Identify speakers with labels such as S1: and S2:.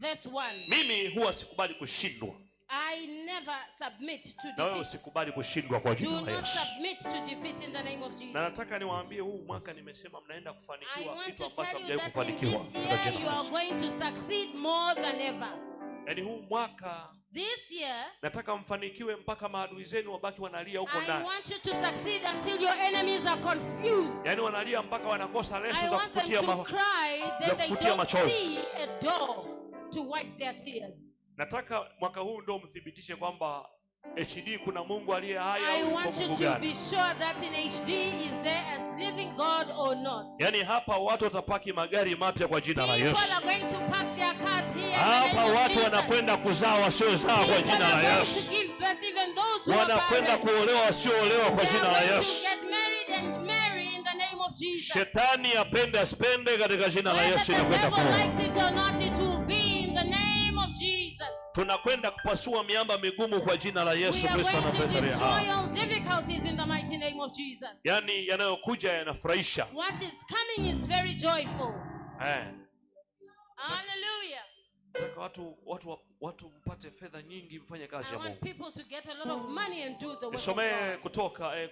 S1: this world.
S2: Mimi huwa sikubali kushindwa.
S1: I never submit to defeat.
S2: Nawe usikubali kushindwa kwa jina la Yesu. Do not
S1: submit to defeat in the name of Jesus.
S2: Na nataka niwaambie huu mwaka nimesema mnaenda kufanikiwa kitu ambacho hamjawahi kufanikiwa.
S1: You are going to succeed more than ever.
S2: Yaani huu mwaka
S1: This year,
S2: nataka mfanikiwe mpaka maadui zenu wabaki wanalia huko
S1: ndani. I want you to succeed until your enemies are confused.
S2: Yaani wanalia mpaka wanakosa leso za kufutia machozi. I want
S1: them to cry that they don't see a door to wipe their tears.
S2: Nataka mwaka huu ndio mthibitishe kwamba HD kuna Mungu aliye hai au I want you to
S1: be sure that in HD is there a living God or not.
S2: Yaani hapa watu watapaki magari mapya kwa jina la
S1: Yesu. People are going to park their cars here. Hapa watu
S2: wanakwenda kuzaa wasiozaa kwa jina la Yesu.
S1: Wanakwenda kuolewa
S2: wasioolewa kwa jina la Yesu. Shetani apende asipende katika jina la Yesu inakwenda kuolewa. Tunakwenda kupasua miamba migumu kwa jina la Yesu
S1: Kristo na Petro.
S2: Yaani yanayokuja yanafurahisha.
S1: What is coming is very joyful. Eh. Hallelujah.
S2: Nataka watu watu watu mpate fedha nyingi mfanye kazi ya Mungu.
S1: I want people to get a lot of money and do the work. Nisomee kutoka eh,